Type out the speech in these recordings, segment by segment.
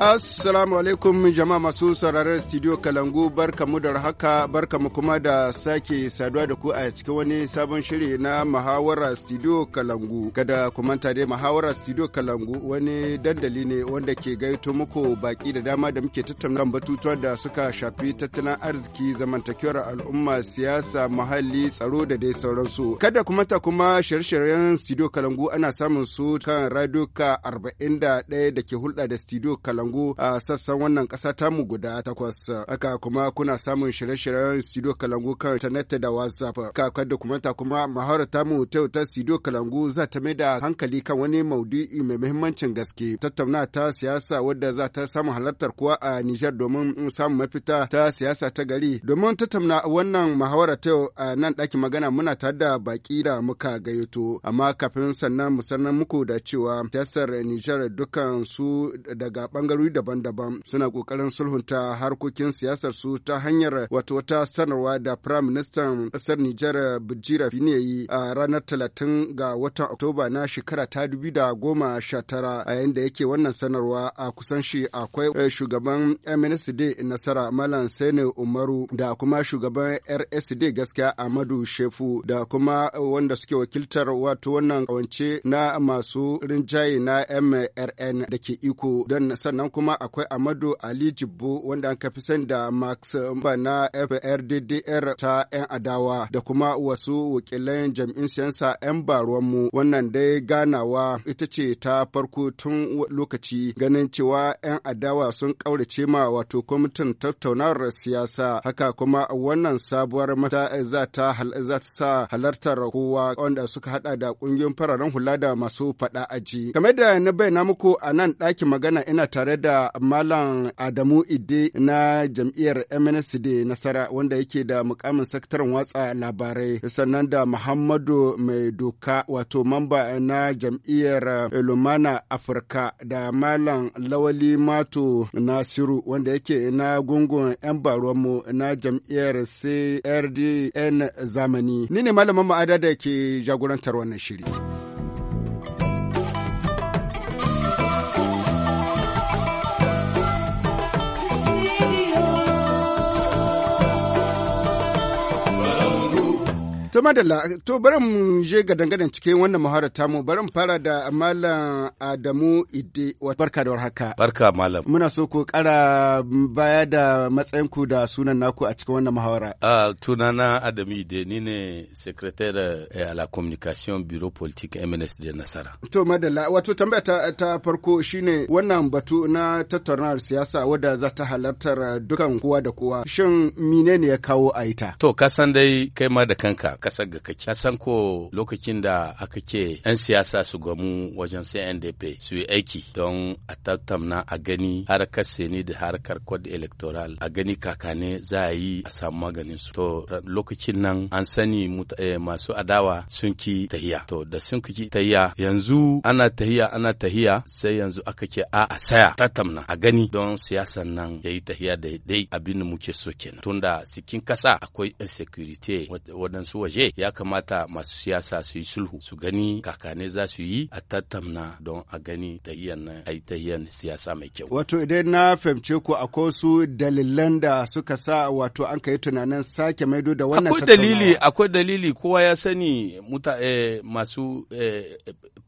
Assalamu alaikum jama'a masu sauraron studio Kalangu mu da haka mu kuma da sake saduwa da ku a cikin wani sabon shiri na muhawara Studio Kalangu. Kada ku manta dai muhawara Studio Kalangu wani dandali ne wanda ke gaito muku baki da dama da muke tattauna batutuwan da suka shafi tattalin arziki, zamantakewar al'umma, siyasa, muhalli, tsaro da dai sauransu. Kada ku manta kuma shirye-shiryen Studio Kalangu ana samun su kan ka 41 da ke hulɗa da Studio Kalangu. kalangu a sassan wannan ƙasa tamu guda takwas. Haka kuma kuna samun shirye-shiryen studio kalangu kan intanet da WhatsApp. kwa dokumenta kuma ta tamu ta ta studio kalangu za ta mai da hankali kan wani maudu'i mai muhimmancin gaske. Tattauna ta siyasa wadda za ta samu halartar kuwa a Nijar domin samun mafita ta siyasa ta gari. Domin tattauna wannan mahawara ta yau a nan ɗakin magana muna tare da baki da muka gayyato. Amma kafin sannan mu muku da cewa siyasar Nijar dukkan su daga ɓangaren ɓangarori daban-daban suna ƙoƙarin sulhunta harkokin siyasar su ta hanyar wato wata sanarwa da Prime Minister ƙasar Nijar Bijira Fini yi a ranar talatin ga watan Oktoba na shekara ta da goma 2019 a yayin da yake wannan sanarwa a kusan shi akwai eh, shugaban MNSD Nasara Malam Sani Umaru da kuma shugaban RSD gaskiya amadu Shefu da kuma wanda suke wakiltar wato wannan kawance na masu rinjaye na MRN da ke iko don sannan sannan kuma akwai amadu ali jibbo wanda an kafi san da max mba na frddr ta 'yan adawa da kuma wasu wakilan jam'in siyasa 'yan baruwanmu wannan dai ganawa ita ce ta farko tun lokaci ganin cewa 'yan adawa sun kaurace ma wato kwamitin tattaunawar siyasa haka kuma wannan sabuwar mata za ta sa halartar kowa wanda suka hada da ƙungiyoyin fararen hula da masu faɗa aji kamar da na bayyana muku a nan ɗakin magana ina tare da Malam Adamu Ide na jam'iyyar MNSD Nasara wanda yake da mukamin sakataren watsa labarai sannan da Muhammadu Mai Doka wato mamba na jam'iyyar Lumana Afirka da Malam Lawali Mato Nasiru wanda yake na gungun 'yan baruwanmu na jam'iyyar CRDN zamani. Ni ne malamin ma'ada da ke jagorantar wannan shiri. To madalla, to bari mu je ga dangane cikin wannan muharar tamu, bari mu fara da Malam Adamu Ide, barka da warhaka. Barka Malam. Muna so ku kara baya da matsayin ku da sunan naku a cikin wannan muhawara. A tunana Adamu Ide ni ne secrétaire eh, à la communication bureau politique MNS de Nasara. To madalla, wato tambaya ta, ta farko shine wannan batu na tattaunawar siyasa wadda za ta halartar eh, dukan kowa da kowa. Shin menene ya kawo a ita? To kasan dai kai ma da kanka kasar ga kake kasan ko lokacin da aka ce 'yan siyasa su gamu wajen CNDP su yi aiki don a tattauna a gani harkar seni da harkar code electoral a gani kakane za a yi a samu maganin su to lokacin nan an sani eh, masu adawa sun ki tahiya to da sun ki tahiya yanzu ana tahiya ana tahiya sai yanzu aka ce a a saya tattamna a gani don siyasan nan ya yi tahiya dai abin da muke so kenan tunda sikin kasa akwai insecurity waɗansu waje je ya kamata masu siyasa su yi sulhu su gani kakane za su yi a tattamna don a gani tahiyan na a yi siyasa mai kyau. Wato idan na fahimce ku akwai su dalilan da suka sa wato an ka yi tunanin sake maido da wannan Akwai dalili akwai dalili kowa ya sani muta eh, masu eh,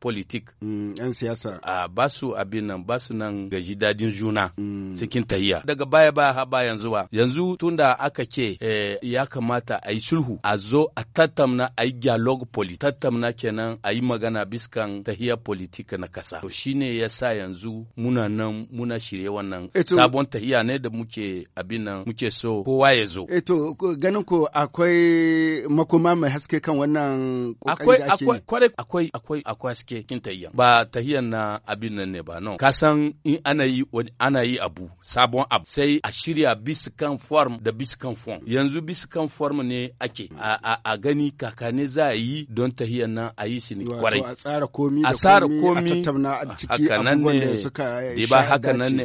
politik. Mm, yan siyasa. A ba su abin nan ba su nan gaji dadin juna. Mm. Cikin tahiya. Daga baya ba ha ba yanzu ba. Yanzu tunda aka ce eh, ya kamata a yi sulhu a zo a tattamna a yi dialogue politik. Tattamna kenan a yi magana biskan tahiya politik na kasa. To shine ya sa yanzu muna nan muna shirye wannan eh, sabon tahiya ne da muke abin nan muke so kowa ya zo. Eh, to ganin ko akwai makoma mai haske kan wannan kokari da ake. Akwai akwai akwai akwai akwai haske kin tahiyan ba tahiyan na abin nan ne ba non ka san in ana yi ana yi abu sabon abu sai a shirya biskan form da biskan form yanzu biskan form ne ake a, a, a gani kakane za a yi don tahiyan nan a yi shi ne kwarai a tsara komi a tsara komi a tattauna a ciki abubuwan da suka yi ba haka nan ne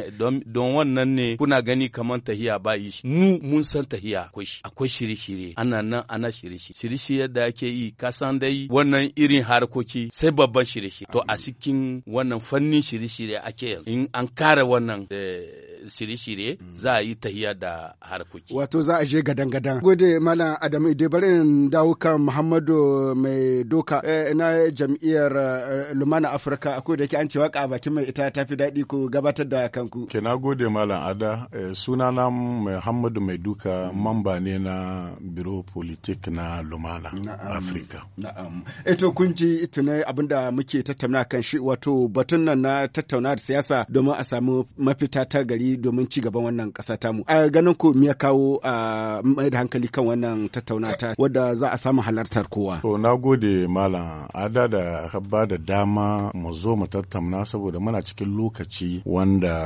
don wannan ne kuna gani kamar tahiya ba yi shi mu mun san tahiya akwai shi akwai shiri shiri ana nan ana shiri shiri shiri shiri da ake yi ka san dai wannan irin harkoki sai babban shirye-shirye to a cikin wannan fannin shirye-shirye ake yanzu in an kare wannan eh, shirye-shirye mm. za a yi tahiya da harkoki wato za a je gadan-gadan gode malam adamu idai bari in dawo kan muhammadu mai doka eh, na jam'iyyar eh, lumana afirka a da an ce waka bakin mai ita tafi daɗi ku gabatar da kanku ke na gode malam ada sunana muhammadu mai duka mm. mamba ne na biro politik na lumana afirka na'am eto kun ji tunai abinda muke muke tattauna kan shi wato batun nan na tattauna da siyasa domin a samu mafita ta gari domin ci gaban wannan ƙasa tamu. A ganin ku me ya kawo a mai da hankali kan wannan tattauna ta wadda za a samu halartar kowa. To na gode malam ada da ba da dama mu zo mu tattauna saboda muna cikin lokaci wanda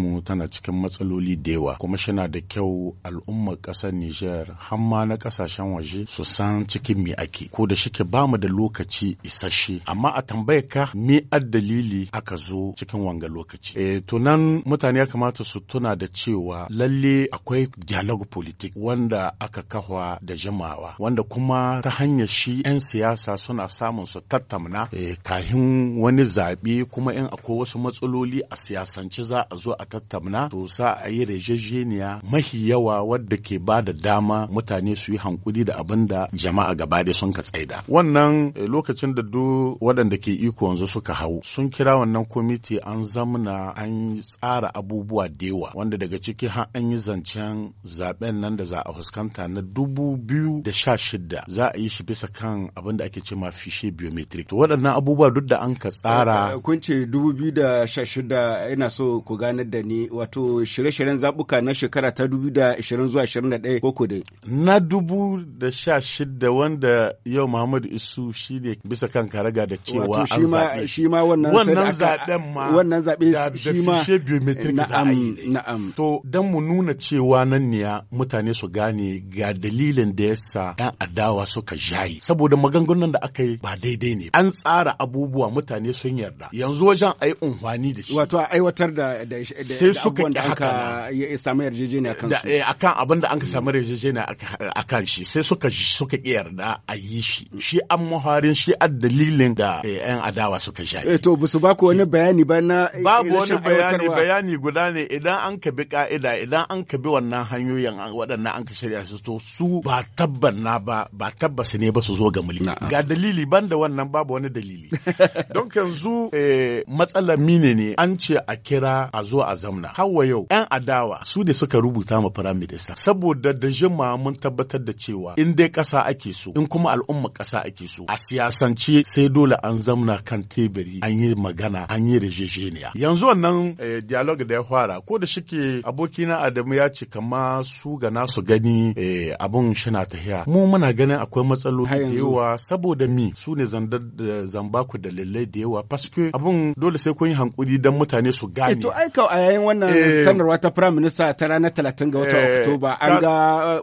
mu tana cikin matsaloli da yawa kuma shina da kyau al'ummar ƙasar Nijar ma na kasashen waje su san cikin me ake ko da shike bamu da lokaci isasshe amma a tambayar ka mi dalili aka zo cikin wanga lokaci. E, eh, tunan mutane ya kamata su tuna da cewa lalle akwai dialogue politik wanda aka kafa da jimawa wanda kuma ta hanyar shi 'yan siyasa suna samun su tattamna e, kahin wani zaɓe kuma in akwai wasu matsaloli a siyasance za a zo a tattamna to sa a yi rejejeniya mahi yawa wadda ke ba da dama mutane su yi hankuli da abin da jama'a gaba ɗaya sun ka tsaida. Wannan eh, lokacin da du waɗanda ke iko yanzu suka hau sun kira wannan kwamiti an zamuna. an tsara abubuwa da yawa wanda daga ciki ha an yi zancen zaben nan da za a fuskanta na dubu biyu da sha shida za a yi shi bisa kan abin da ake ce ma fishe biometric to waɗannan abubuwa duk da an ka tsara eh, eh, kun ce dubu biyu da sha shida ina so ku ganar da ni wato shirye-shiryen zabuka na shekara ta dubu da ishirin zuwa ashirin da ɗaya koko dai na dubu da sha shida wanda yau muhammadu isu shi ne bisa kan karaga da cewa wato shi ma shi ma wannan wannan zaben ma wannan zabe shi ma da biometric za a yi na'am to dan mu nuna cewa nan ne mutane su gane ga dalilin da yasa dan adawa suka jayi saboda maganganun da aka yi ba daidai ne an tsara abubuwa mutane sun yarda yanzu wajen ayi unhwani da shi wato a aiwatar da da sai suka da haka ya samu yarjejeniya eh, kan akan abin da an ka samu yarjejeniya akan shi sai suka suka ki yarda a yi shi shi an muharin shi a dalilin da eh, 'yan adawa suka sha. E to su ba ku wani bayani ba na eh, Babu wani bayani bayani guda ne idan an ka bi ka'ida idan an ka bi wannan hanyoyin waɗannan an ka shirya su to su ba tabban na ba ba tabbas ne ba su zo ga mulki. Ga dalili ban da wannan babu wani dalili. Don yanzu eh, matsalar mine ne an ce a kira a zo a zamna. Hawa yau 'yan adawa su ne suka rubuta ma firaminista saboda da jima mun tabbatar da cewa in dai ƙasa ake so in kuma al'umma ƙasa ake so a siyasance sai dole an zamna kan teburi an yi magana an yi rejejeniya yanzu wannan eh, dialog da ya fara ko da shike abokina Adamu ya ce kama su ga nasu gani eh, abun shina tahiya mu muna ganin akwai matsaloli da yawa saboda mi su ne zamba ku dalilai da yawa paske abun dole sai kun yi hankuri don mutane su gane eh, to aika a yayin wannan sanarwa ta prime minister ta ranar 30 ga watan oktoba an ga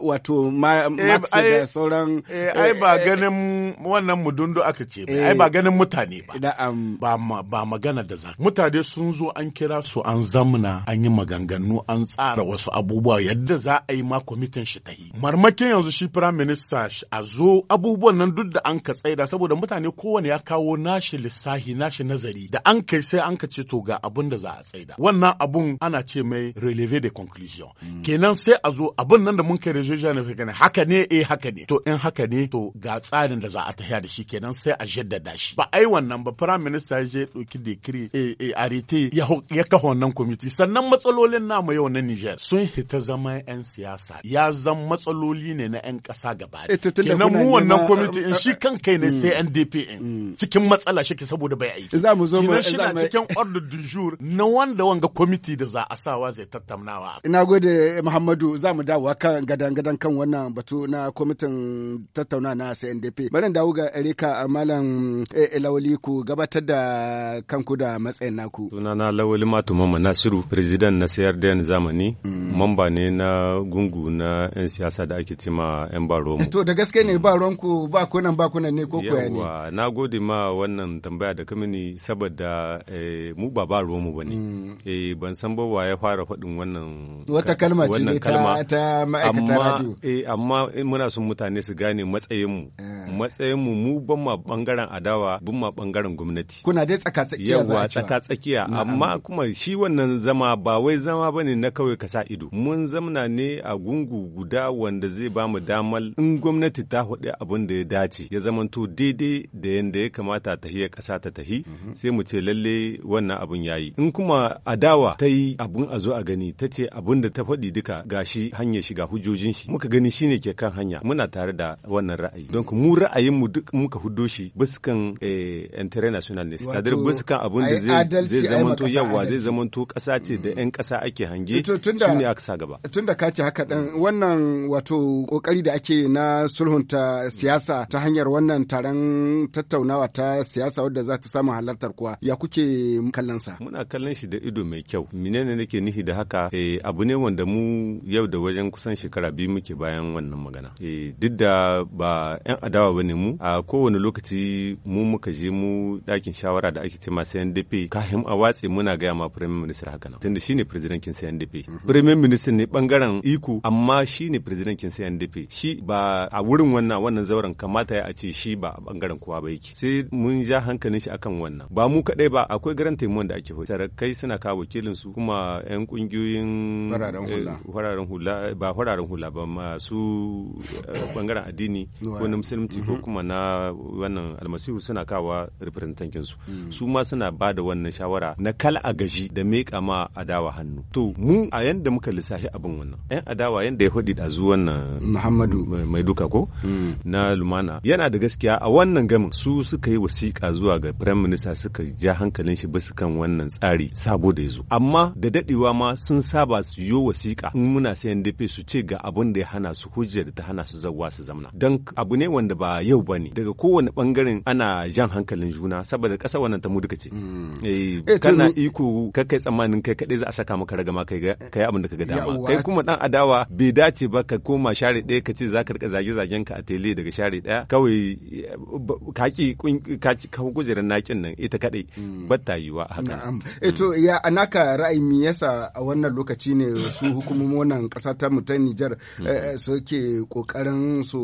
wato Marx da sauran ai ba ganin wannan mudundu aka ce ai ba ganin mutane ba na'am um, ba ba magana da zaka mutane sun zo an kira su an zamna an yi maganganu an tsara wasu abubuwa yadda za a yi ma kwamitin shi ta yi marmakin yanzu shi prime minister a zo abubuwan nan duk da an ka tsaida saboda mutane kowane ya kawo nashi lissahi nashi nazari da an kai sai an ka ce to ga abun da za a tsaida wannan abun ana ce mai relevé de conclusion mm. kenan sai a zo abun nan da mun kai rejeja ne gane haka ne eh haka ne to in haka ne to ga tsarin da za a tafiya da shi kenan sai a jaddada shi ba a ai wannan ba prime minister ya je ɗauki dekiri a rete ya kafa wannan kwamiti sannan matsalolin namu yau na Niger sun hita zama 'yan siyasa ya zan matsaloli ne na 'yan ƙasa gaba eh, da mu wannan kwamiti in eh, shi kan kai ne mm. sai NDP in mm. cikin matsala shi saboda bai aiki za mu zo mu shi na cikin ordre du jour na wanda wanga kwamiti da za a sawa zai tattaunawa ina gode Muhammadu za mu dawo kan gadan-gadan kan wannan batu na kwamitin tattauna na CNDP bari dawo ga Erika eh, Malam Elawa lawali ku gabatar da kanku da matsayin naku. Sunana lawali Matumama Nasiru, Firizidan na sayar da yan zamani, mm. mamba ne na gungu na 'yan siyasa da ake cima 'yan mu. Eh, to da gaske ne ba ku ba kunan ba kunan ne ko kuwa ne? na gode ma wannan tambaya da kamini saboda eh, mu ba mu ba ne. Mm. Eh, ban san ba wa ya fara faɗin wannan Wata kalma ce ne ta ma'aikata radio. Amma muna son mutane su gane matsayinmu. Matsayinmu mu ban ma bangaren adawa, koma bangaren gwamnati kuna dai tsakatsakiya za a tsaka tsakatsakiya. amma kuma shi wannan zama ba wai zama ba ne na kawai ka sa ido mun zamna ne a gungu guda wanda zai ba mu damal in gwamnati ta faɗi abin da ya dace ya zamanto daidai da yanda ya kamata ta ya ƙasa ta tahi mhm. sai mu ce lalle wannan abun yayi in kuma adawa ta yi abun a zo a gani ta ce abun da ta faɗi duka ga shi hanyar shiga hujjojin shi muka gani shine ke kan hanya muna tare da wannan ra'ayi don mu ra'ayin mu duk muka huddo shi biskan eh, international ne c'est-à-dire abun da zai zamanto yawa zai zamanto kasa ce da 'yan kasa ake hange su ne aka sa gaba tunda ka ce haka dan wannan wato kokari da ake na sulhunta siyasa ta hanyar wannan taron tattaunawa ta siyasa wadda za ta samu halartar kuwa ya kuke kallon sa muna kallon shi da ido mai kyau menene nake nihi da haka eh, abu ne wanda mu yau da wajen kusan shekara biyu muke bayan wannan magana eh, duk da ba 'yan adawa bane mu a kowane lokaci mu muka je mu dakin shawara da ake cema CNDP kafin a watsi muna gaya ma Prime Minister haka nan tunda shine presidentin CNDP mhm. Prime Minister ne bangaren iko amma shine presidentin CNDP shi ba a wurin wannan wannan zauren kamata ya a ce shi ba a bangaren kowa ba yake sai mun ja hankalin shi akan wannan ba mu kadai ba akwai garan taimakon da ake hoyi sarakai suna kawo wakilin su kuma ƴan kungiyoyin fararen hula eh, eh, ba fararen hula ba masu bangaren eh, addini ko na musulunci ko mhm. kuma na wannan almasihu suna kawo kawa representantin su mm. su ma suna ba da wannan shawara na kal a gaji da meka ma adawa hannu to mu a yanda muka lissafi abin wannan yan adawa yanda ya faɗi zuwa wannan muhammadu mai duka ko mm. na lumana yana da gaskiya a wannan gamin su suka yi wasiƙa zuwa ga prime minista suka ja hankalin shi bisa kan wannan tsari sabo da ya zo amma da dadewa ma sun saba su yo wasiƙa in muna sayan dafe su ce ga abin da ya hana su hujjar da ta hana su zawa su zamna don abu ne wanda ba yau ba ne daga kowane bangaren ana jan jan hankalin juna saboda ƙasa wannan ta mu duka ce mm. eh, eh, kana iko ka kai tsammanin kai kadai za a saka maka ragama kai kai abin da ka ga dama kai kuma dan adawa bai dace ba ka koma share ɗaya ka ce za ka rika zage zagen ka a tele daga share ɗaya kawai kaki ka kujerar nakin nan ita kadai mm. ba ta a haka eh, to ya anaka ra'ayi me yasa a wannan lokaci ne su hukumomin wannan ƙasa ta mu ta Niger mm. suke kokarin su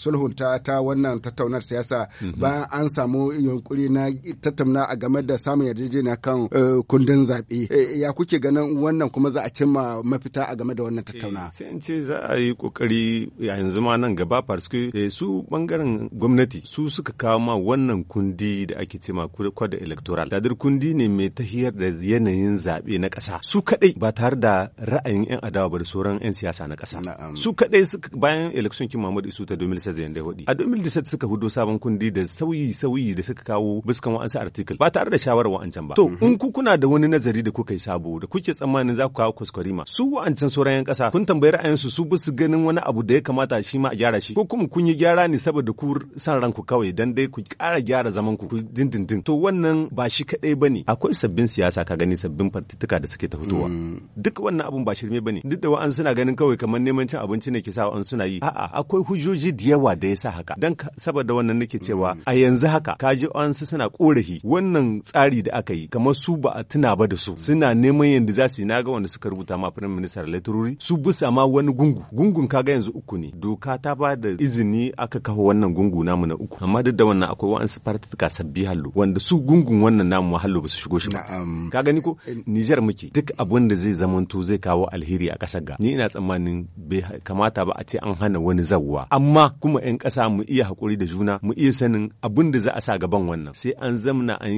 sulhunta ta wannan tattaunar siyasa mm-hmm. bayan an samu samu yunkuri na tattauna a game da samun yarjejeniya kan eh, kundin zaɓe eh, ya kuke ganin wannan kuma za a cimma mafita a game da wannan tattauna eh, sai in ce za a yi kokari yanzu ma nan gaba parce su bangaren gwamnati su suka kawo ma wannan kundi da ake ce ma kwada electoral dadir kundi ne mai tahiyar da yanayin zaɓe na ƙasa su kaɗai ba tare da ra'ayin 'yan adawa ba da sauran 'yan siyasa na ƙasa su kaɗai bayan election kin Muhammad Isu ta 2016 a 2017 suka hudo sabon kundi da sauyi sauyi da suka kawo biskan wa'ansu article ba tare da shawarar wa'ancan ba to in ku kuna da wani nazari da kuka yi sabo da kuke tsammanin za ku kawo ma. su wa'ancan sauran yan kasa kun tambayi ra'ayinsu su su ganin wani abu da ya kamata shi ma a gyara shi ko kuma kun yi gyara ne saboda ku san ranku kawai dan dai ku kara gyara zaman ku dindindin to wannan ba shi kadai ne. akwai sabbin siyasa ka gani sabbin fartituka da suke ta fitowa mm. duk wannan abun ba shirme bane duk da wa'ansu suna ganin kawai kamar neman cin abinci ne ke sa wa'ansu suna yi a'a akwai hujjoji da yawa da ya sa haka dan saboda wannan nake cewa mm. a yanzu haka ka ji su suna korafi wannan tsari da aka yi kamar su ba a tuna ba da su suna neman yadda za su yi naga wanda suka rubuta ma firayim ministar laturori su bisa ma wani gungu gungun kaga yanzu uku ne doka ta ba da izini aka kafa wannan gungu namu na uku amma duk da wannan akwai wa'ansu fartuka sabbi hallo wanda su gungun wannan namu hallo ba su shigo shi ba ka gani ko eh, Nijar muke duk abun da zai zamanto zai kawo alheri a kasar ga ni ina tsammanin bai kamata ba a ce an hana wani zawuwa amma kuma 'yan ƙasa mu iya haƙuri da juna mu iya sanin abun da za a sa gaban wannan sai an zamna an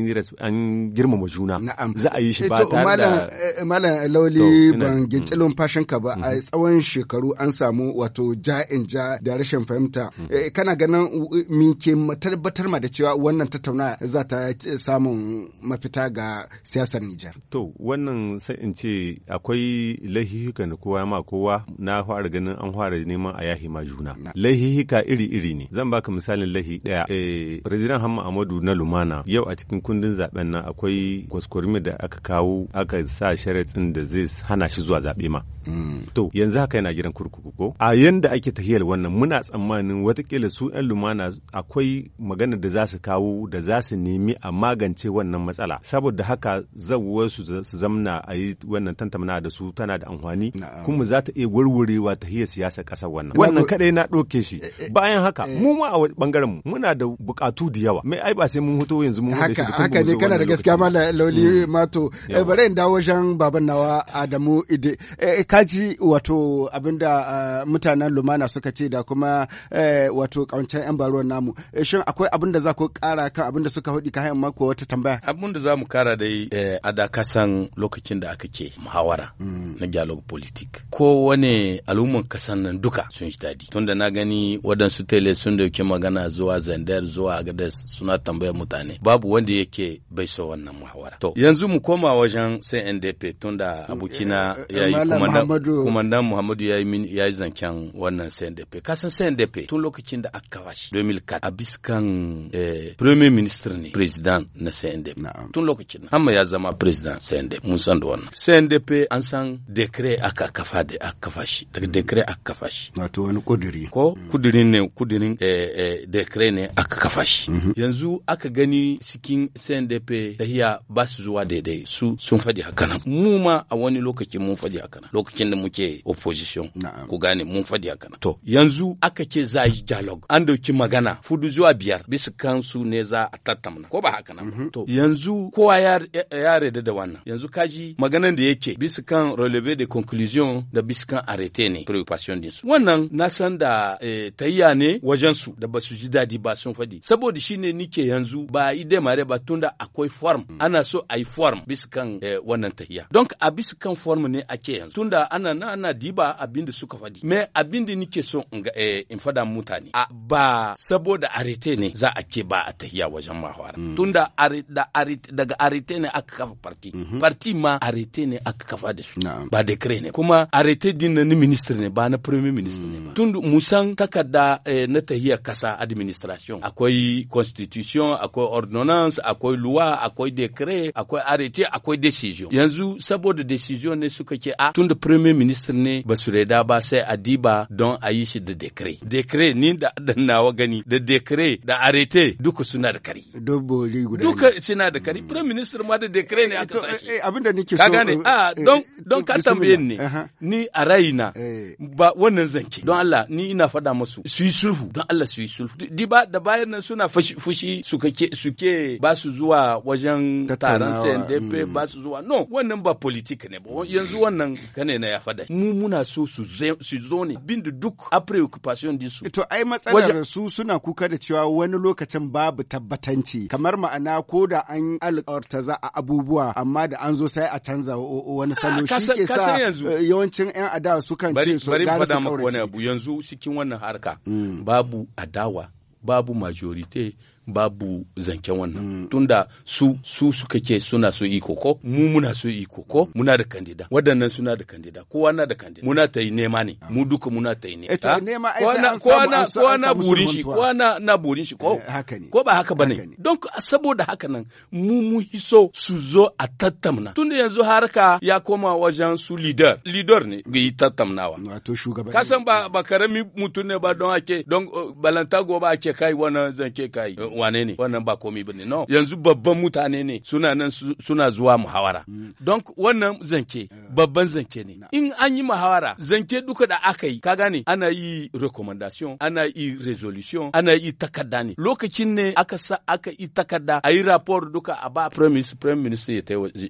an girmama juna za a yi shi ba eh, ta da malam eh, lauli ban ginci mm. lumfashin ka ba mm-hmm. a tsawon shekaru an samu wato ja in ja da rashin fahimta mm-hmm. eh, kana ganin mi ke tabbatar ma da cewa wannan tattauna za ta samun mafita ga siyasar Nijar to wannan sai in ce akwai lahihika na kowa ma kowa na fara ganin an fara neman a yahi ma juna lahihika iri iri ne zan baka misalin lahi daya eh president Hamma Amadu na Lumana yau a cikin kundin zaben nan akwai kwaskwarmi da aka kawo aka sa sharatin da zai hana shi zuwa zaɓe ma. Mm. To yanzu haka yana gidan kurkuku ko? A yanda ake tahiyar wannan muna tsammanin watakila su 'yan Lumana akwai magana da za su kawo da za su nemi a magance wannan matsala. Saboda haka zawuwar su su zamna a yi wannan tantamna da su tana da amfani kuma za ta iya warwarewa tahiyar siyasar ƙasar wannan. Wannan kaɗai na ɗauke shi. Eh, eh, eh. Bayan haka mu ma a ɓangaren mu muna da buƙatu da yawa. mai ai ba sai mun hoto yanzu mun haka haka ne kana da gaskiya ma lauli mm. mato eh, bare in dawo wajen baban nawa Adamu Ide eh, kaji wato abinda eh, mutanen lumana suka ce da kuma wato kauncan yan baruwan namu shin akwai abinda za ku kara kan abinda suka hudi ka hayan mako wata tambaya abinda za mu kara dai a da kasan lokacin da aka ke muhawara mm. na dialog politique ko wani al'umman kasan nan duka sun shi dadi tunda na gani wadansu tele sun dauki magana zuwa zandar zuwa gadas suna tambayar mutane babu wanda yake bai so wannan muhawara to yanzu mu koma wajen CNDP tunda abokina eh, eh, ya yi kumandan Muhammadu ya yi zancen wannan CNDP kasan CNDP tun lokacin da aka kawashi 2004 a biskan eh, premier minister ne president na CNDP tun lokacin hamma ya zama president CNDP mun san da wannan CNDP an san decree aka kafa da aka kafa shi daga decree aka kafa shi wato wani kudiri ko kudirin ne kudirin eh, decree ne aka kafa shi mhm. yanzu aka gani cikin CNDP tahiya ba su zuwa daidai su sun fadi haka nan mu ma a wani lokaci mun fadi haka nan lokacin da muke opposition ku gane mun fadi haka nan to yanzu aka ce za yi dialogue an dauki magana fudu zuwa biyar bisa kansu ne za a tattauna ko ba haka nan mhm. to yanzu kowa ya yarda da wannan yanzu kaji maganan da yake bisa kan relevé de conclusion da bisa kan arrêté ne preoccupation din su wannan na san da tayya eh, tahiya ne wajen su da ba su ji dadi ba sun faɗi saboda shine inda nike yanzu ba yi demare ba tunda akwai form mm. ana so a yi form bisa kan eh, wannan tahiya don a bisa kan form ne ake yanzu tunda ana na ana diba abin da suka faɗi me abin da nike so in eh, fada mutane a ba saboda arete ne za a ke ba a tahiya wajen mahawara mm. tunda are, da arete, daga arete ne aka kafa parti mm-hmm. parti ma arete ne aka kafa da su ba dekre ne kuma arete din na ni minister ne ba na premier minister ne ba mm. tunda musan takarda eh, na tahiya kasa administration akwai constitution constitution akwai ordonnance, akwai loi akwai decret akwai arete akwai decision yanzu saboda decision ne suka ce a tunda premier ministre ne ba su reda ba sai a diba don a yi shi da decret decret ni da nawa gani da decret da arete duka suna da kari duka suna da kari hmm. premier ministre ma da decret ne eh, eh, aka eh, sake abinda nake so gane a don don ka tambaye ni ah, ni a raina ba wannan zanki don Allah ni ina fada musu su yi sulhu don Allah su yi sulhu diba da bayan nan suna fushi fushi suke ba su zuwa wajen taron CNDP hmm. ba su zuwa no wannan ba politik ne ba yanzu wannan kane na ya fada mu muna so su zo ne bin da duk a preoccupation din su to ai matsalar su suna kuka da cewa wani lokacin babu tabbatanci kamar ma'ana ko da an alƙawarta za a abubuwa amma da an zo sai a canza wani salo ah, shi ke sa eh, yawancin yan adawa sukan ce su gane su abu yanzu cikin wannan harka hmm. babu adawa babu majorite babu zancen wannan mm. tunda su su suka ce suna so iko ko mu muna so iko ko muna da kandida waɗannan suna da kandida kowa na da kandida muna ta yi nema ne mu duka muna ta yi ne eh kowa na burin shi kowa na na burin shi ko eh, ko ba haka bane don saboda haka nan mu mu hiso su zo a tattamna tunda yanzu ka. ya koma wajen su leader leader ne ga yi tattamnawa wato shugaban kasan ba ba karami mutune ba don ake don eh, balanta goba ake kai wannan zance kai wane ne wannan ba komi bane no yanzu babban mutane ne suna nan suna zuwa muhawara mm. don wannan zanke babban zanke ne in an yi muhawara zanke duka da aka yi ka gane ana yi recommendation ana yi resolution ana yi takarda ne lokacin ne aka sa aka yi takarda a yi rapport duka a ba premise prime minister ya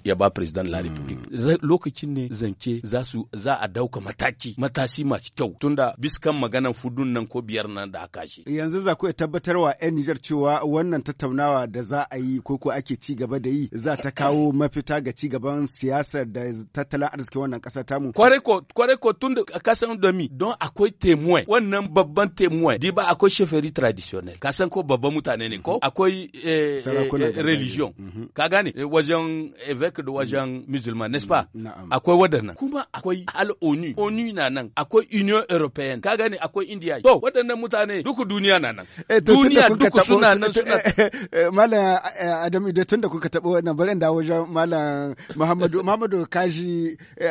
ya ba president la mm. republique lokacin ne zanke za su za a dauka mataki matasi masu kyau tunda biskan maganan fudun nan ko biyar nan da aka shi yanzu za ku tabbatarwa 'yan eh, Nijar cewa cewa wannan tattaunawa da za a yi ko ko ake ci gaba da yi za ta kawo mafita ga ci gaban siyasar da tattalin arzikin wannan ƙasa mu. Kwarai ko tun da kasan mi don akwai temuwa wannan babban temuwa di ba akwai sheferi traditionnel kasan ko babban mutane ne ko mhm. akwai eh, eh, religion mhm. ka gane eh, wajen evek da wajen mhm. musulman n'est-ce pas akwai wadannan kuma akwai al onu onu na nan akwai union européenne. ka gane akwai india to wadannan mutane duku duniya na nan duniya duku suna nan eh, suna eh, eh, malam adam ido tun da kuka taɓa wannan bari da wajen malam muhammadu muhammadu kaji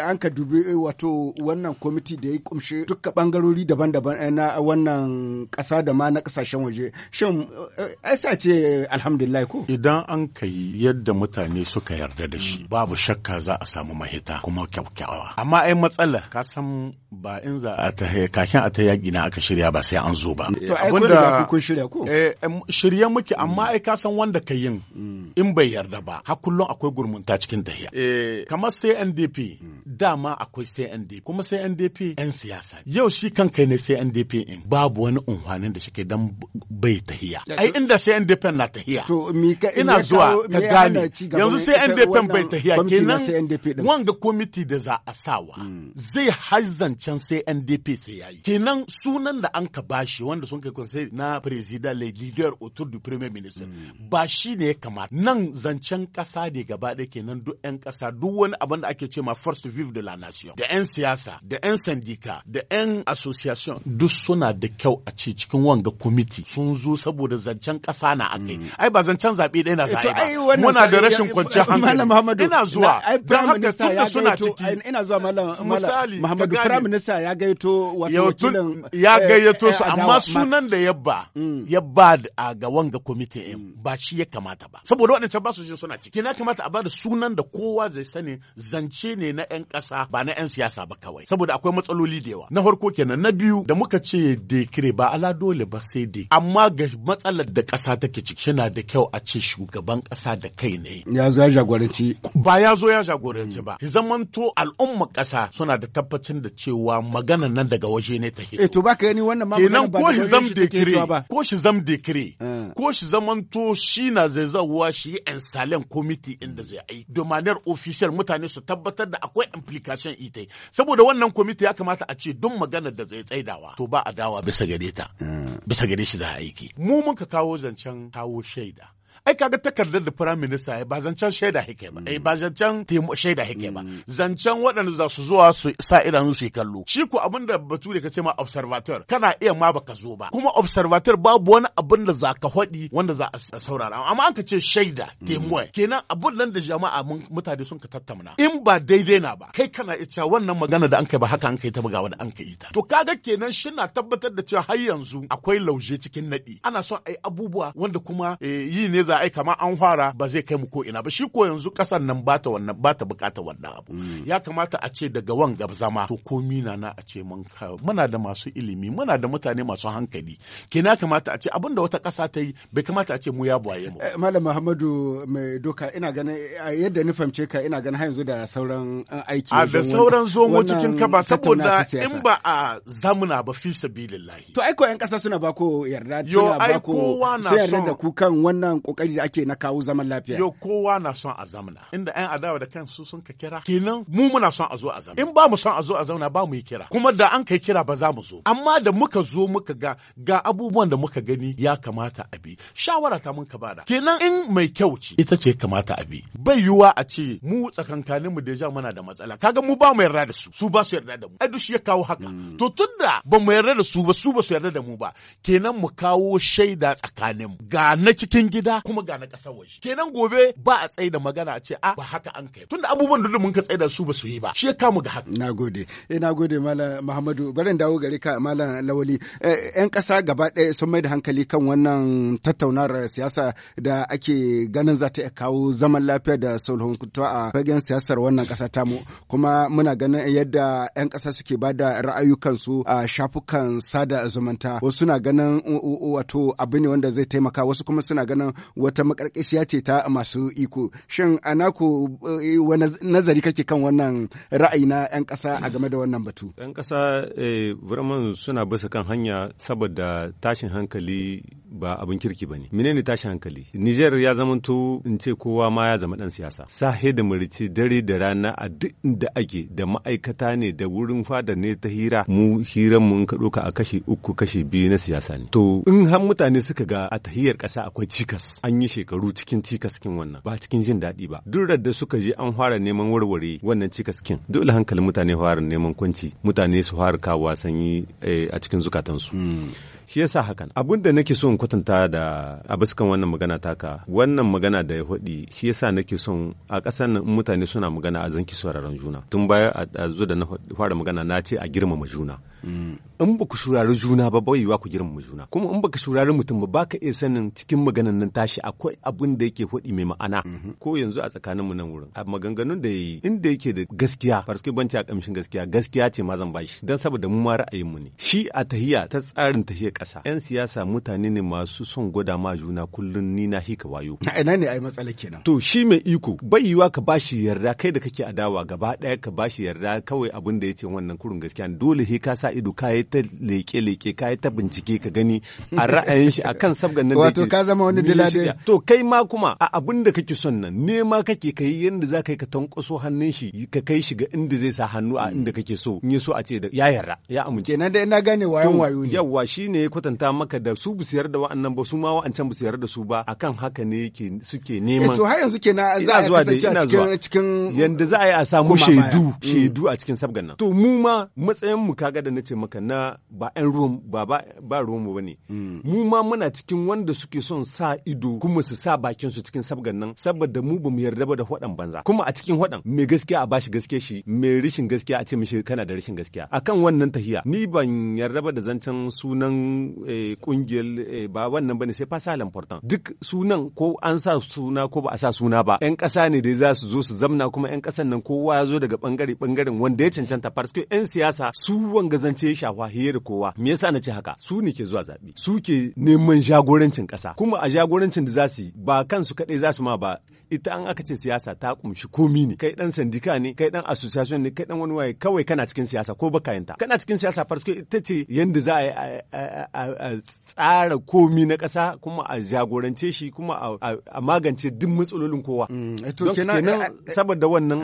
an ka dubi wato wannan kwamiti da ya kumshe duka bangarori daban-daban na wannan ƙasa da ma na ƙasashen waje shin aisa ce alhamdulillah ko idan an yi yadda mutane suka yarda da shi babu shakka za a samu mahita kuma kyakkyawa amma ai matsala ka san ba in za a ta kakin a ta yaƙi na aka shirya ba sai an zo ba to ai kun shirya ko eh shirya shirye muke amma mm. ai ka san wanda ka yin mm. in bai yarda ba har kullum akwai gurmunta cikin tahiya eh. kamar sai NDP mm. dama akwai sai NDP kuma sai NDP yan siyasa yau shi kan kai ne sai NDP in babu wani unhwanin da shi kai dan bai tahiya ai inda sai NDP na tahiya to mi ka ina zuwa ka gane yanzu sai NDP bai tahiya kenan wanga komiti da za a sawa zai hazzancan sai NDP sai yayi kenan sunan da an ka bashi wanda sun kai sai na president le leader otur. du premier ministre mm. ba shi ne ya kamata nan zancen kasa ne gaba ɗaya kenan duk 'yan kasa duk wani abin da ake ce ma force vive de la nation da 'yan siyasa da 'yan sandika da 'yan association duk suna da kyau a ce cikin wanga committee. sun zo saboda zancen kasa na akai mm. ai ba zancen zabe ɗaya na zai eh, ba muna da rashin kwanciyar hankali ina zuwa don haka tun da suna ciki ina zuwa malam misali Muhammadu Prime Minister ya gayyato wato ya eh, gayyato su eh, amma sunan da yabba mm. yabba ga wanga kwamitin ɗin mm. ba shi ya kamata ba saboda waɗancan ba su jin suna ciki na kamata a ba da sunan da kowa zai sani zance ne na 'yan kasa ba na 'yan siyasa ba kawai saboda akwai matsaloli da yawa na farko kenan na biyu da muka ce dekire ba ala dole ba sai dai amma ga matsalar da ƙasa take ciki yana da kyau a ce shugaban ƙasa da kai ne ya zo ya jagoranci ba ya zo ya jagoranci mm. ba to al'umma ƙasa suna da tabbacin da cewa magana nan daga waje ne ta hito eh to baka gani wannan ma kenan ko shi zam dekire ko shi zam dekire eh. ko shi zamanto shi na zai zawa shi yi salen committee inda zai aiki domaniyar manar official mutane su tabbatar da akwai implication ita saboda wannan committee ya kamata a ce duk maganar da zai tsaidawa to ba a dawa bisa gare ta hmm. bisa gare shi za a aiki mu muka kawo zancen kawo shaida ai kaga takardar da firayim minista ba zancen shaida yake ba ai eh, ba zancen shaida yake ba mm. zancen waɗanda za su zuwa su sa idanu su kallo shi ko abin da bature ka ce ma observator kana iya ma baka zo ba kuma observator babu wani abin da za ka faɗi wanda za a saurara amma an ka ce shaida mm. temoy kenan abun nan da jama'a mutane sun ka tattauna in ba daidai na ba kai kana ita wannan magana da an kai ba haka an kai ta bugawa da an kai ta to kaga kenan shina tabbatar da cewa har yanzu akwai lauje cikin naɗi ana son ai abubuwa wanda kuma eh, yi ne za a yi kama an fara ba zai kai mu ko ina ba shi ko yanzu kasan nan bata wannan bata bukata wannan abu mm. ya kamata a ce daga gab zama to komi na na a ce mun muna da masu ilimi muna da mutane masu hankali na kamata a ce abin da wata kasa ta yi bai kamata a ce mu ya buwaye mu eh, malam muhammadu mai doka ina ganin yadda ni fahimce ka ina ganin har yanzu da sauran aiki a da sauran zomo cikin ka ba saboda in ba a zamuna ba fi sabilillahi to aiko yan kasa suna ba ko yarda tana ba ko sai yarda da ku kan wannan kokari da ake na kawo zaman lafiya yo kowa na son a zamana inda yan adawa da kansu sun ka kira kenan mu muna son a zo a zamana in ba mu son a zo a zamana ba mu yi kira kuma da an kai kira ba za mu zo amma da muka zo muka ga ga abubuwan da muka gani ya kamata a bi shawara ta mun ka bada kenan in mai kyau ce ita ce kamata a bi bai yiwuwa a ce mu tsakankanin mu deja muna da matsala kaga mu ba mu yarda da su su ba su yarda da mu ai ya kawo haka mm. to tunda ba mu yarda da su ba su ba su yarda da mu ba kenan mu kawo shaida tsakanin mu ga na cikin gida kuma ga na ƙasar waje kenan gobe ba a tsaida magana a ce a ah, ba haka an kai tunda abubuwan da mun ka tsaida su ba su yi ba shi ya kamu ga haka nagode eh nagode malam muhammadu barin dawo gare ka malam lawali yan eh, ƙasa gaba ɗaya sun mai da hankali kan wannan tattaunawar siyasa da ake ganin za ta kawo zaman lafiya da sulhuntuwa a fagen siyasar wannan ƙasa tamu kuma muna ganin yadda yan ƙasa suke ba da ra'ayukansu a shafukan sada zumunta wasu na ganin wato abu ne wanda zai taimaka wasu kuma suna ganin wata makarkashiya ce ta masu iko shin anako eh, wani nazari kake kan wannan ra'ayi na 'yan ƙasa a game da wannan batu 'yan ƙasa eh, vraiment suna basa kan hanya saboda tashin hankali ba abin kirki ba ne menene tashin hankali Nijar ya zama to in ce kowa ma ya zama ɗan siyasa sahe da marice dare da rana a duk inda ake da ma'aikata ne da wurin fada ne ta hira mu hiran mun ka doka a kashi uku kashe biyu na siyasa ne to in har mutane suka ga a tahiyar kasa akwai cikas an yi shekaru cikin cikas kin wannan ba cikin jin daɗi ba duk da suka je an fara neman warware wannan cikas kin dole hankalin mutane fara neman kwanci mutane su fara kawo sanyi eh, a cikin zukatansu hmm. shi yasa hakan abun da nake son in kwatanta da abiskan wannan magana taka wannan magana da ya hudi shi yasa nake son a ƙasar nan mutane suna magana a zanki sauraron juna tun baya a zo da na fara magana na ce a girmama juna mm. in ba ku shurari juna ba bai yiwa ku girmama juna kuma in baka shurari mutum ba ka iya sanin cikin maganan nan tashi akwai abin da yake hudi mai ma'ana mm-hmm. ko yanzu a tsakanin mu nan wurin a maganganun da yayi inda yake da gaskiya farske banci a kamshin gaskiya gaskiya ce ma zan bashi dan saboda mu ma ra'ayin mu ne shi a tahiya ta tsarin tahiya ƙasa. 'Yan siyasa mutane ne masu son gwada ma juna kullum ni na hika wayo. Na ina ne ai matsala kenan. To shi mai iko bai yiwa ka bashi yarda kai da kake adawa gaba ɗaya ka bashi yarda kawai abin da ya ce wannan kurun gaskiya dole he ka sa ido ka yi ta leƙe-leƙe ka yi ta bincike ka gani a ra'ayin shi a kan sabgan nan. Wato ka zama wani dilade. To kai ma kuma a abin da kake son nan nema kake ka yi yadda za ka yi ka tankwaso hannun shi ka kai shi ga inda zai sa hannu a inda kake so in ya so a ce ya yarda ya amince. Kenan da ina gane wayan wayo ne. Yawwa shi ne kwatanta maka da su bu siyar da wa'annan ba su ma wa'ancan bu siyar da su ba akan haka ne yake suke neman eh, to har yanzu kenan za a kasance cikin cikin yanda za a yi a samu shaidu mm. shaidu a cikin sabgan nan to mu ma matsayin mu kaga da nace maka na ba ɗan ruwan ba ba ruwan mu bane mm. mu ma muna cikin wanda suke son sa ido kuma su sa bakin su cikin sabgan nan saboda mu bamu yarda ba da hodan banza kuma a cikin hodan me gaskiya a bashi gaskiya shi me rishin gaskiya a ce mishi kana da rishin gaskiya akan wannan tahiya ni ban yarda ba da zancen sunan Eh, kungiyar eh, ba wannan bane sai fasa lamportan duk sunan ko an sa suna ko ba a sa suna ba yan kasa ne dai za su zo su zamna kuma yan kasan nan kowa ya zo daga bangare bangaren wanda ya cancanta farsko yan siyasa su wanga zance ya shafa hiyar kowa me yasa na ce haka su ne ke zuwa zabi su ke neman jagorancin kasa kuma a jagorancin da za su yi ba kansu kadai za su ma ba ita an aka ce siyasa ta kumshi komi ne kai dan sandika ne kai dan association ne kai dan wani waye kawai kana cikin siyasa ko baka yanta kana cikin siyasa farko ita ce yanda za a tsara komi na kasa kuma a jagorance shi kuma a magance duk matsalolin kowa mm, eh, don kenan eh, eh, saboda wannan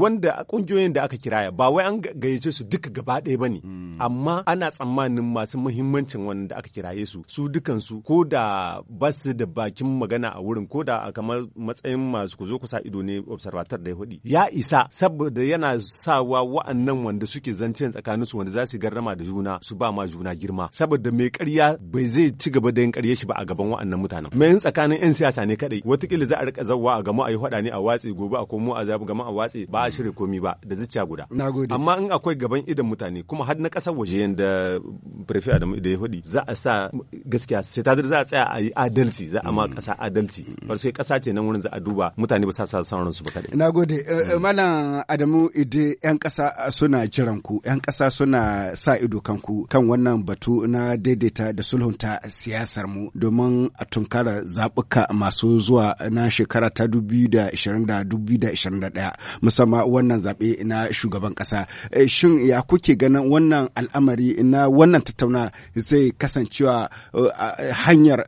wanda kungiyoyin da aka kiraya ba wai an gayyace su duka gaba ɗaya bane mm. amma ana tsammanin masu muhimmancin wannan da aka kiraye su su dukansu ko da ba su da bakin magana a wurin ko da kamar matsayin ra'ayin masu ku zo ku sa ido ne observator da ya hudi ya isa saboda yana sawa wa'annan wanda suke zancen tsakanin su wanda za su garrama da juna su ba ma juna girma saboda mai ƙarya bai zai ci gaba da yin ƙarya shi ba a gaban wa'annan mutanen mai tsakanin 'yan siyasa ne kadai watakila za a rika zawa a gamu a yi hada ne a watsi gobe a komo a zabi gamu a watsi ba a shirya komi ba da zuciya guda amma in akwai gaban idan mutane kuma har na kasar waje yanda prefe Adamu da ya hudi za a sa gaskiya sai za a tsaya a yi adalci za a ma kasa adalci Farsai kasa ce nan wurin za a duba mutane ba sa sa sauran su ba kadai na gode eh, eh, malam adamu ide yan kasa suna jiran ku yan kasa suna sa ido kan ku kan wannan batu na daidaita da sulhunta siyasar mu domin a tunkara zabuka masu zuwa na shekara ta 2020 2021 musamman wannan zaɓe na shugaban ƙasa eh, shin ya kuke ganin wannan al'amari na wannan tattauna zai kasancewa hanyar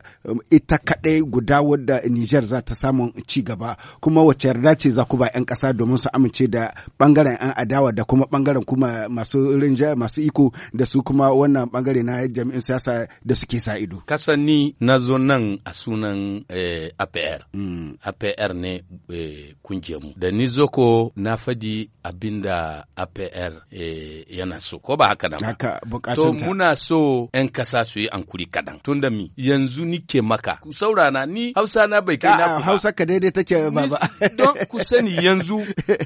ita kaɗai guda wadda Nijar za ta samun ci gaba kuma wacce yarda ce za ku ba 'yan ƙasa domin su amince da bangaren 'yan adawa da kuma bangaren kuma masu rinja masu iko da su kuma wannan bangare na jami'in siyasa da suke sa ido. Kasani na zo nan a sunan eh, APR. Mm. APR ne eh, mu. Da ni zoko na fadi abinda APR eh, yana so ko ba haka na ba. Haka bukatun To muna so 'yan kasa su yi ankuri kadan. Tunda mi yanzu nike maka. Saurana ni Hausa na bai kai na. Hausa ka daidai dai take ba. Don ku sani yanzu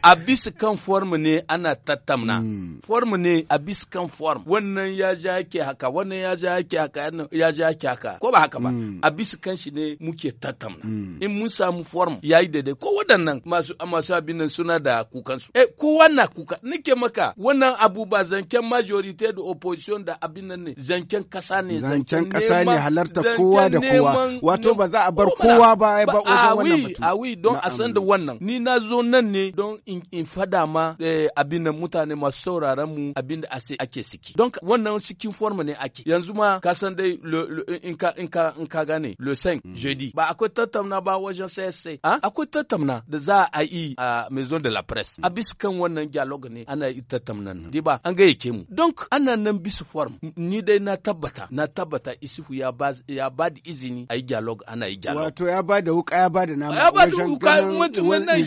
a bisa kan form ne ana tattamna. Hmm. Form ne a bisa kan form. Wannan ya ja yake haka, wannan ya ja yake haka, ya ja yake haka. Ko ba haka ba. Hmm. A bisa kan shi ne muke tattamna. Hmm. In mun samu form yayi daidai ko waɗannan masu masu abin nan suna da kukansu. Eh kowa na kuka. Nike maka wannan abu ba zancen majority da opposition da abin nan ne zancen kasa ne zancen kasa ne halarta kowa da kowa wato ba za a bar kowa ba ba ah, wani mutum. awi don a san da wannan ni na zo nan ne don in fada ma eh, abin da mutane ma sauraron mu abin da ake siki don wannan cikin forma ne ake yanzu ma ka san dai in ka in ka in ka gane le 5 mm. jeudi ba akwai tattauna ba wajen CSC sai ah, akwai tattauna da za a yi a maison de la presse mm. a biskan wannan dialogue ne ana yi tattauna nan mm. ba an yake mu don ana nan bisu form ni dai na tabbata na tabbata isufu ya ba ya ba da izini a yi dialogue ana yi dialogue wato ya ba da wuka ya ba da nama ba duka wannan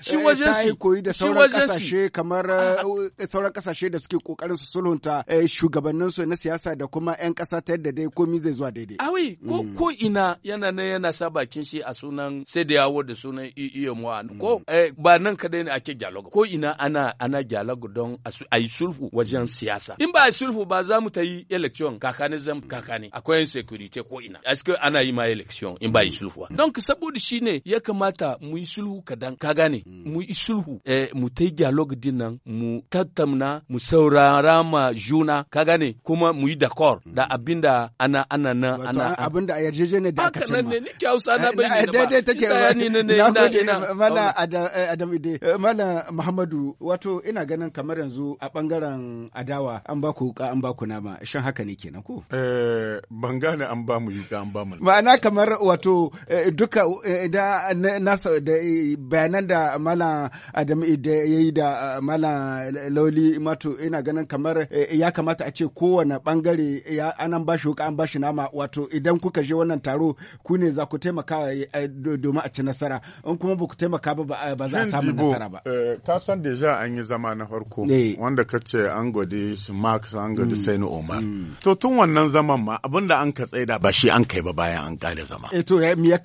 shi wajen shi koyi da sauran kasashe kamar ah, ah. sauran kasashe da suke kokarin su sulhunta eh, shugabannin su na siyasa da kuma yan kasa ta yadda dai komi zai zuwa daidai awi ah, ko mm. ko ina yana nan yana sa bakin shi a sunan sai da yawo da sunan iyo ko mm. eh, ba nan kadai ne ake dialogue ko ina ana ana dialogue don a yi sulhu wajen siyasa in ba a sulhu ba za mu ta yi election kakane zam kakane akwai insecurity ko ina aske ana yi ma election in ba yi sulhu mm. don saboda shi ne ya kamata mu yi sulhu kadan ka gane mu yi sulhu eh, mu ta yi dialogue din nan mu tattauna mu saurara ma juna ka gane kuma mu yi d'accord da abinda ana ana na ana abinda a ne da aka cimma eh, ne ni kyau na bai ne ba daidai take ne ne ne mala adam ide eh, mala muhammadu wato ina ganin kamar yanzu a bangaren adawa an ba ku ka an ba ku nama shin haka ne kenan ko eh ban gane an ba mu ka an ba mu ma'ana kamar wato eh, duka da Eh, bayanan da malam adam eh, da ya yi da eh, malam Lauli matu ina ganin kamar ya kamata a ce kowane bangare ya anan bashi wuka an bashi nama wato idan kuka je wannan taro ku ne za ku taimaka domin a ci nasara in kuma ba ku taimaka ba ba za a samu nasara ba. ta san deja an yi zama na farko wanda ka ce an gwadi max an gwadi mm. ni Omar. Mm. To tun wannan zaman ma abinda an ka tsaida ba shi an kai ba bayan an kare zama. Eh to ya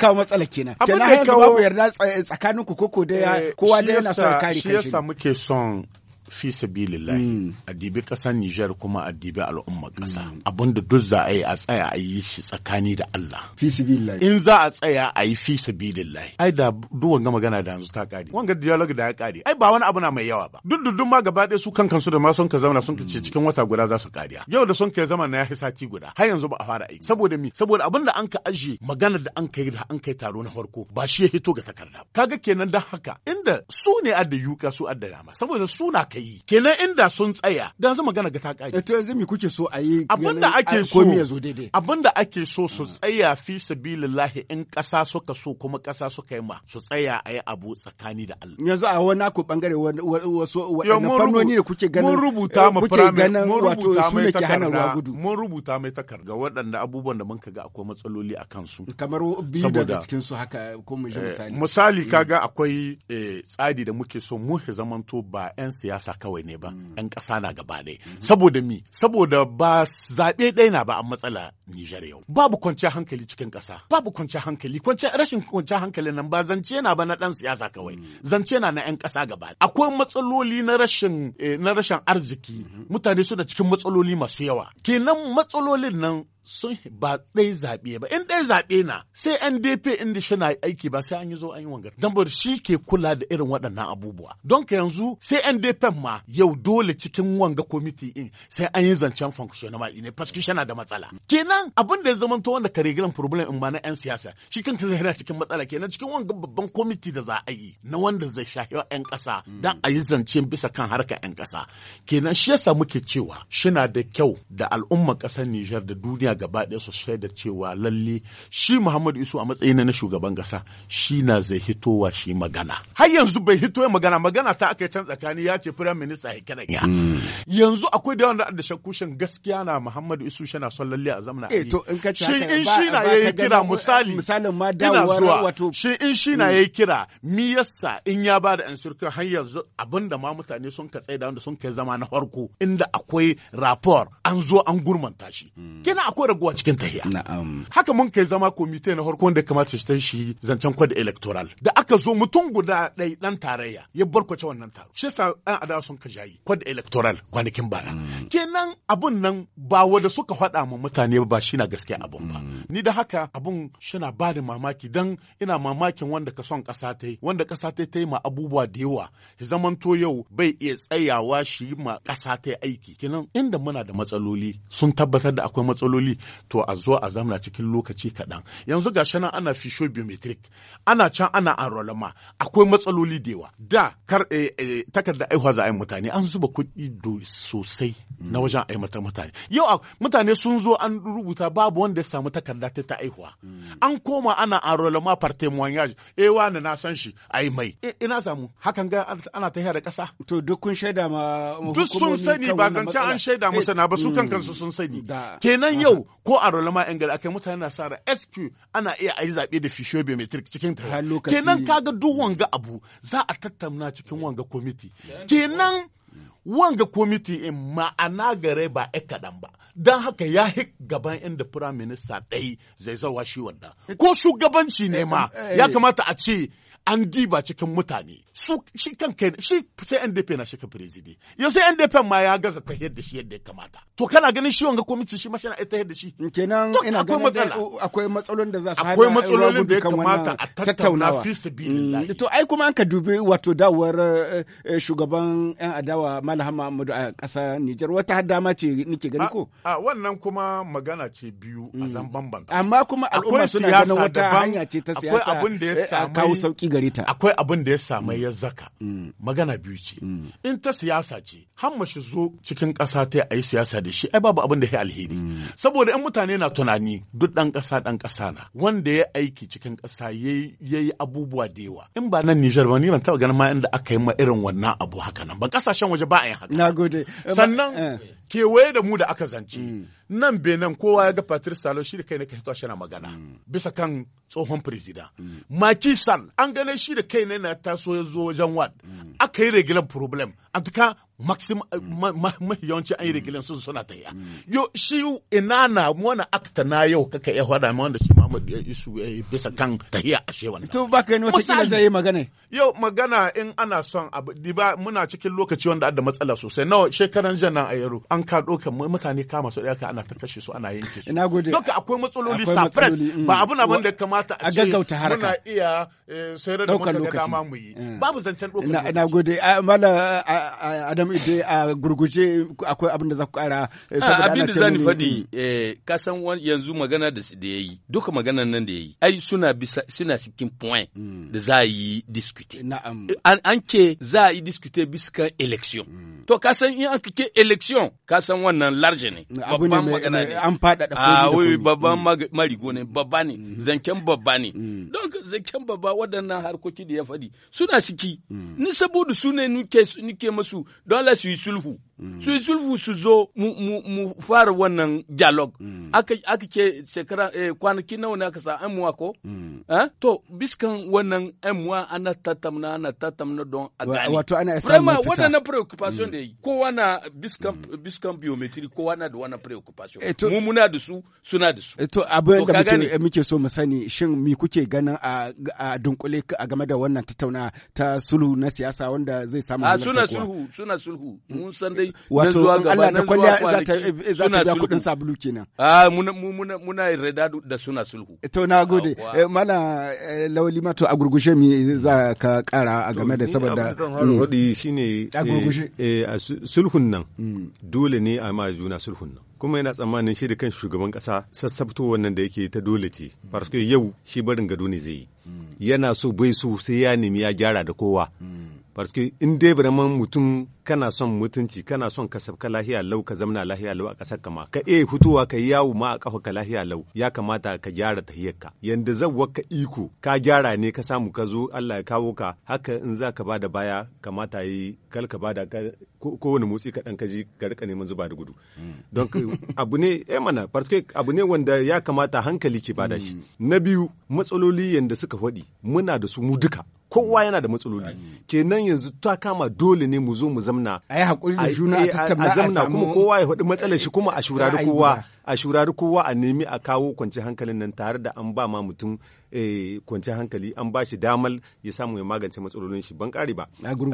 kawo matsala kenan. abin da kawo yarda tsakanin ku koko da eh, kowa da yana son kare kanshi shi yasa muke son fi sabilillahi mm. a dibi ƙasar Nijar kuma a dibi al'ummar ƙasa mm. abinda duk za a yi a tsaya a yi shi tsakani da Allah fi sabilillahi in za a tsaya a yi fi sabilillahi ai da duk wanga magana da yanzu ta kare wanga dialogue da ya kare ai ba wani abu na mai yawa ba duk dudun ma gaba ɗaya su kan kansu da ma son ka zauna sun ce mm. cikin wata guda za su kariya yau da son ka zama na ya sati guda har yanzu ba a fara aiki saboda mi saboda abin da an ka aje magana da an kai da an kai taro na farko ba shi ya hito ga takarda kaga kenan da haka inda su ne adda yuka su adda dama saboda su na ta yi kenan inda sun tsaya da yanzu magana ga ta kare eh, to yanzu me kuke so a yi abin da ake so komai ya zo daidai abin da ake so su tsaya fi sabilillahi in kasa suka so kuma kasa suka yi ma su tsaya a yi abu tsakani da Allah yanzu a wani ku bangare wasu waɗannan fannoni da kuke ganin mun rubuta eh, mu firamin mun rubuta mai takarda mun rubuta mai takarda waɗanda abubuwan da mun kaga akwai matsaloli a kansu kamar biyu daga cikin su haka ko mu eh, misali misali kaga mm. akwai tsadi da muke so mu zamanto ba 'yan siyasa siyasa kawai ne ba, ‘yan ƙasa na gaba ɗaya. Saboda mi, saboda ba zaɓe ɗaya na ba a matsala Nijar yau. Babu kwanciyar hankali cikin ƙasa, babu kwanciyar hankali, kwanciyar rashin kwanciyar hankali nan ba zance na ba na ɗan siyasa kawai, mm. zance na na 'yan ƙasa gaba. Akwai matsaloli na rashin eh, na rashin arziki, mm-hmm. mutane suna cikin matsaloli masu yawa. Kenan matsalolin nan sun ba ɗaya zaɓe ba in ɗaya zaɓe na sai ndp da shi na aiki ba sai an yi zo an yi wanga don shi ke kula da irin waɗannan abubuwa don ka yanzu sai ndp ma yau dole cikin wanga komiti in sai an yi zancen functional ne paski da matsala kenan nan abin da ya zama to wanda karigilan problem in ba na yan siyasa shi kanta zai yana cikin matsala kenan cikin wani babban kwamiti da za a yi na wanda zai shahi yan kasa dan a yi zance bisa kan harka yan kasa kenan shi yasa muke cewa shina da kyau da al'umma kasar Nijar da duniya gaba ɗaya su da cewa lalle shi Muhammadu Isu a matsayin na shugaban kasa shi na zai hitowa shi magana har yanzu bai hito ya magana magana ta aka can tsakani ya ce firayim minista ya mm. yanzu akwai da wanda da shakku gaskiya na Muhammadu Isu shana son lalle a zaman na eh, yi. to in ka ci Shin in shi na mm. yayi kira misali. Misalin ma dawowar wato. Shin in shi na yayi kira mi yassa in ya ba da yan har yanzu abinda ma mutane sun ka tsaye da wanda sun kai zama na farko inda akwai rapor an zo an gurmanta shi. Mm. Kina akwai raguwa cikin tahiya. Na'am. Haka mun kai zama komite na farko wanda kamata shi ta zancen kwada electoral. Da aka zo mutum guda ɗai dan tarayya ya barkwace wannan taro. Shi yasa dan adawa sun ka jayi kwada electoral kwanakin baya. Mm. Kenan abun nan ba wada suka faɗa ma mutane ba ba shi na gaskiya abun ba mm. ni da haka abun na ba da mamaki don ina mamakin wanda ka son ƙasa ta yi wanda ƙasa ta yi ma abubuwa da yawa to yau bai iya tsayawa shi ma ƙasa ta aiki kinan inda muna da matsaloli sun tabbatar da akwai matsaloli to a zo a zamana cikin lokaci kaɗan yanzu ga nan ana fisho biometric ana can ana arolama akwai matsaloli da yawa da kar eh, eh, takarda aihuwa za a yi mutane an zuba kuɗi sosai na mm. wajen aimatar mutane yau mutane sun zo an rubuta babu wanda ya samu takarda ta ta aihuwa an koma ana ma par témoignage eh wani na san shi ai mai eh, ina samu hakan ga ana ta da kasa to duk kun shaida ma duk sun sani ba zance an shaida musu eh, na ba su mm, kan kansu sun sani kenan yau ko enrollement a akai mutane na sara SQ ana iya ayi zabe da fisho biometric cikin ta kenan kaga duk wanga abu za a tattauna cikin wanga committee kenan wanga komiti in ma'ana gare ba e kaɗan ba don haka ya hik gaban inda prime minister ɗai zai zawa shi wannan eh, ko shugabanci ne ma eh, eh, ya kamata a ce an diba cikin mutane su shi kan kai shi sai NDP na shi ka preside yau sai NDP ma ya gaza ta yadda shi yadda ya kamata to kana ganin shi wanga komiti shi ma shi na ta yadda shi kenan ina ganin akwai matsalolin da za su akwai matsalolin da ya kamata a tattauna fi sabilillah mm, to ai kuma an ka dubi wato dawar eh, eh, shugaban yan adawa Malam Muhammadu a ƙasar Nijar wata dama ce nake gani ko a wannan kuma magana ce biyu a mm. zan bambanta amma kuma al'umma suna ganin wata hanya ce ta siyasa akwai abin da ya samu eh, kawo sauki gare ta akwai abin da ya samu ya zaka mm. magana biyu ce mm. in ta siyasa ce hamma zo cikin ƙasa ta yi siyasa da shi ai babu abin da ya alheri mm. saboda in mutane na tunani duk ɗan ƙasa ɗan ƙasa na wanda ya aiki cikin ƙasa ya abubuwa da yawa in ba nan Nijar ba ni ban taɓa ganin ma inda aka yi ma irin wannan abu haka nan ba ƙasashen waje ba a yi haka. Nagode. Sannan eh. kewaye da mu da aka zance. nan benin kowa ya ga patrice salo shi da kai ne ka hito shi na magana bisa kan tsohon firizida maki san an gane shi da kai ne na taso ya zo wajen wad aka yi regular problem an tuka Uh, mm. yawanci an yi mm. rigilin sun suna ta ya mm. yo shi ina na wani akta na yau kaka ya faɗa ma wanda shi Muhammad ya isu bisa kan ta tahiya a she wannan to ka yi wata zai yi magana yau magana in ana son abu ba muna cikin lokaci wanda adda matsala sosai nawa shekaran jan nan a yaro an ka doka mutane kama su ɗaya ana ta kashe su ana yanke su ina gode doka akwai matsaloli safres ba abun abin da kamata a ce muna iya eh, sayar da muka ga dama mu yi babu zancen ɗaukar lokaci ina gode mala Adam Idai a gurguje akwai abin da za ku kara eh, ah, saboda abin da zani faɗi eh ka san yanzu magana da da yayi duka maganan nan da yayi ai suna bisa suna cikin point hmm. da za yi discuter na'am an ce za a yi discuter bisa election hmm. To ka san in aka ke election ka san wannan large ne. Babban magana ne. An faɗaɗa Ah wai babban mm. marigo ne babba ne mm. zancen babba ne. Mm. Don zancen babba waɗannan harkoki da ya fadi suna siki. Ni saboda su ne nuke masu dole su yi sulhu. Su yi sulhu su zo mu mu fara wannan dialogue. Aka ke shekara eh, kwanaki nawa ne aka sa an muwa ko? Ah, to biskan wannan an ana tattamna ana tattamna don a gani. Wato ana isa fita Vraiment waɗannan preoccupation da kowa na biskan mm. biskan biometry kowa na da wannan preoccupation eh, mu muna da su suna da su eh, to abin da muke muke so mu sani shin me kuke ganin a dunkule a game da wannan tattauna ta sulhu na siyasa wanda zai samu a suna sulhu suna sulhu mun san dai wato gaba da zuwa za ta eh, za ta kudin sabulu kenan a muna muna muna reda da suna sulhu to nagode mala lawali ma a gurgushe mi za ka kara a game da saboda mm. shine a a sulhun nan hmm. dole ne a ma juna sulhun nan kuma yana tsammanin shi da kan shugaban kasa sassabto wannan da yake ta dole ce farsko yau shi barin gado ne zai yi hmm. yana so bai so sai ya nemi ya gyara da kowa hmm. parce que in dai vraiment mutum kana son mutunci kana son ka sabka lahiya lau ka zamna lahiya lau a kasar ka ma ka eh hutuwa ka yawo ma a kafa ka lahiya lau ya kamata ka gyara tahiyarka yanda zawwa ka iko ka gyara ne ka samu ka zo Allah ya kawo ka haka in za ka bada baya kamata yi kal ka bada kowane motsi ka dan kaji ka rika neman zuba da gudu don abu ne eh mana parce que abu ne wanda ya kamata hankali ke bada shi mm. na biyu matsaloli yanda suka faɗi muna da su mu duka kowa yana da matsaloli kenan yanzu ta kama dole ne mu zo mu zamna a yi hakuri da juna a tattauna a zamna kuma kowa ya faɗi matsalar shi kuma a shurari kowa a shurari kowa a nemi a kawo kwanci hankalin nan tare da an ba ma mutum eh, kwanci hankali an ba shi damal ya samu ya magance matsalolin shi ban kare ba abu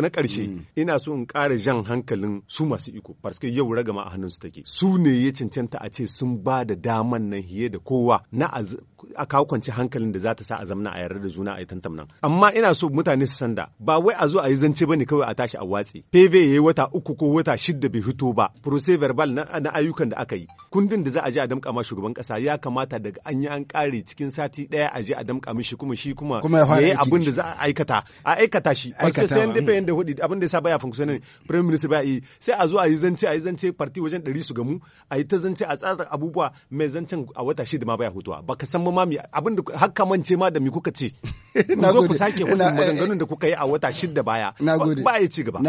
na karshe mm. ina so in kara jan hankalin su masu iko parce yau ragama a hannun su take su ne ya cancanta a ce sun ba da daman nan hiye da kowa na a kawo kwanci hankalin da za ta sa a zamana a yarda da juna a yi nan amma ina so mutane su sanda ba wai a zo a yi zance ne kawai a tashi a watse pv yi wata uku ko wata shidda bai fito ba procès verbal na ayyukan da aka yi kundin da za a je a damƙa ma shugaban kasa ya kamata daga an yi an ƙare cikin sati ɗaya a je a damƙa mishi kuma shi kuma ya yi abin da za a aikata a aikata shi aikata sai mm. yanda bayan da hudu abin da sa baya funksiyonin prime minister ba yi sai a zo a yi zance a yi zance parti wajen ɗari su gamu a yi ta zance a tsatsa abubuwa mai zancen a wata shida ma baya hutuwa baka san ma mami abin da haka mance ma da mi kuka ce ku zo ku sake kuɗin eh, maganganun da kuka yi a wata shida baya ba ya ci gaba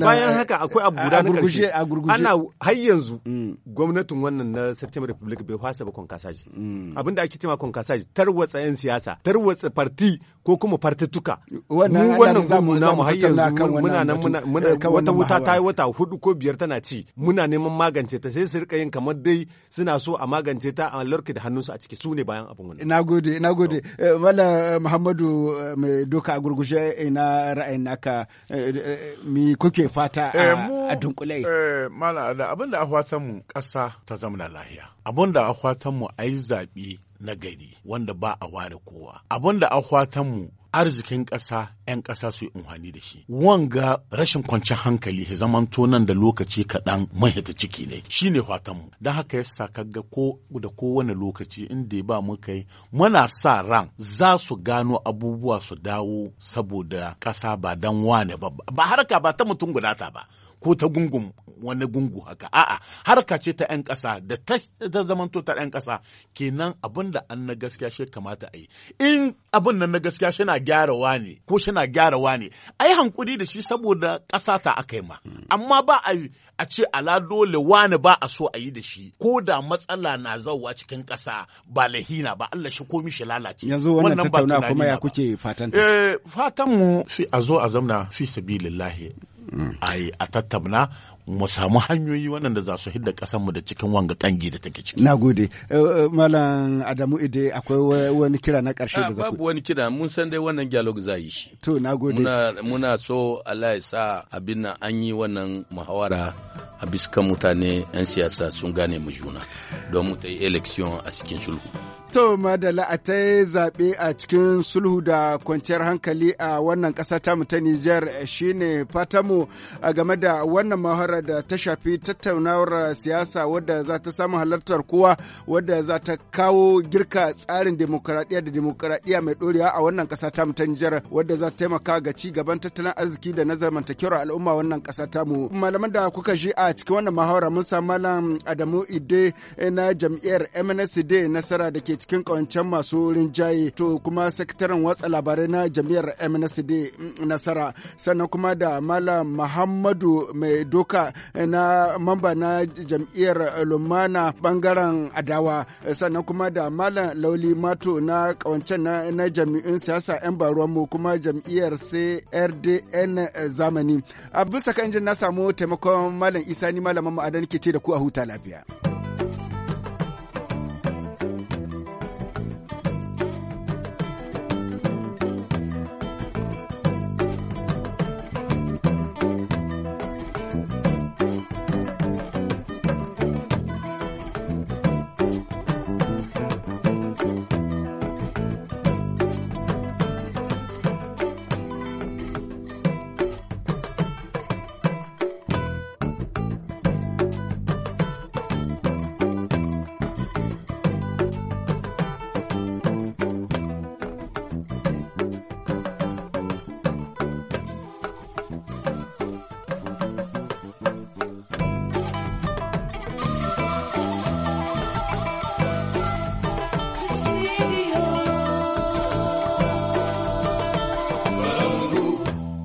bayan haka akwai abu guda na ƙarshe ana har yanzu mm. gwamnatin wannan nan na September Republic bai fasa ba kwankasaji. Mm. Abin da ake cewa kwankasaji tarwatsa 'yan siyasa, tarwatsa parti ko kuma fartattuka mu wannan gumu namu har yanzu muna nan muna eh, wata wuta ta yi wata hudu ko biyar tana ci muna neman magance ta sai su rika yin kamar dai suna so a magance ta a lorki da hannunsu a ciki su ne bayan abin wannan ina gode ina gode eh, mala eh, muhammadu mai doka a gurgushe ina ra'ayin naka mi kuke fata a dunkulai mala abin da a mu kasa ta zamana lahiya abin da a mu a yi na gari wanda ba a ware kowa abin da an mu arzikin ƙasa 'yan ƙasa su yi unhani da shi wanga rashin kwanciyar hankali ya zaman nan da lokaci kaɗan mahita ciki ne shi ne mu don haka yasa kaga ko da kowane lokaci inda ba mu kai muna sa ran za su gano abubuwa su dawo saboda ƙasa ba dan wane ba ba harka ba ta mutum gudata ba ko ta gungun wani gungu haka a'a harka ce ta 'yan ƙasa da ta zamanto ta 'yan ƙasa kenan abin da an na gaskiya shi kamata a yi in abin nan na gaskiya shi na wa ne ko shi na wa ne a yi hankuri da shi saboda ƙasa ta aka yi ma amma ba a a ce ala dole wani ba a so a yi da shi ko da matsala na zauwa cikin ƙasa ba lahina ba Allah shi komi shi lalace yanzu wannan tattauna kuma ya kuke fatan ta eh, fatan mu fi a zo a zamna fi sabilillahi a tattauna mu samu hanyoyi waɗanda za su hidda ƙasarmu da cikin wanga kangi da take ciki. Na gode. Eh, eh, Malam Adamu Ide akwai wani kira na ƙarshe da Babu wani kira mun san dai wannan dialogue za yi shi. To na gode. Muna, so Allah ya sa abin nan an yi wannan muhawara a biskan mutane 'yan siyasa sun gane mu juna don mu ta yi election a cikin sulhu. To madala a ta zaɓe a cikin sulhu da kwanciyar hankali a wannan ƙasa ta ta Nijar eh, ne fatanmu game da wannan mahara da ta shafi tattaunawar siyasa wadda za ta samu halartar kowa wadda za ta kawo girka tsarin demokuraɗiyya da demokuraɗiyya mai ɗorewa a wannan ƙasa ta ta Nijar wadda za ta taimaka ga ci gaban tattalin arziki da na zamantakewar al'umma wannan ƙasa ta mu. Malaman da kuka shi a cikin wannan mahara mun samu Malam Adamu Ide eh, na jam'iyyar MNSD nasara da ke cikin kawancen masu rinjaye to kuma sakataren watsa labarai na jami'ar MNSD mm, Nasara sannan kuma da Malam Muhammadu Mai Doka eh, na mamba na jam'iyyar Lumana bangaren Adawa eh, sannan kuma da Malam Lauli Mato na kawancen na jami'in siyasa 'yan baruwanmu kuma jam'iyyar CRDN zamani. A bisa kan na samu taimakon Malam Isa ni Malam Mamman Adan ke ce da ku a huta lafiya.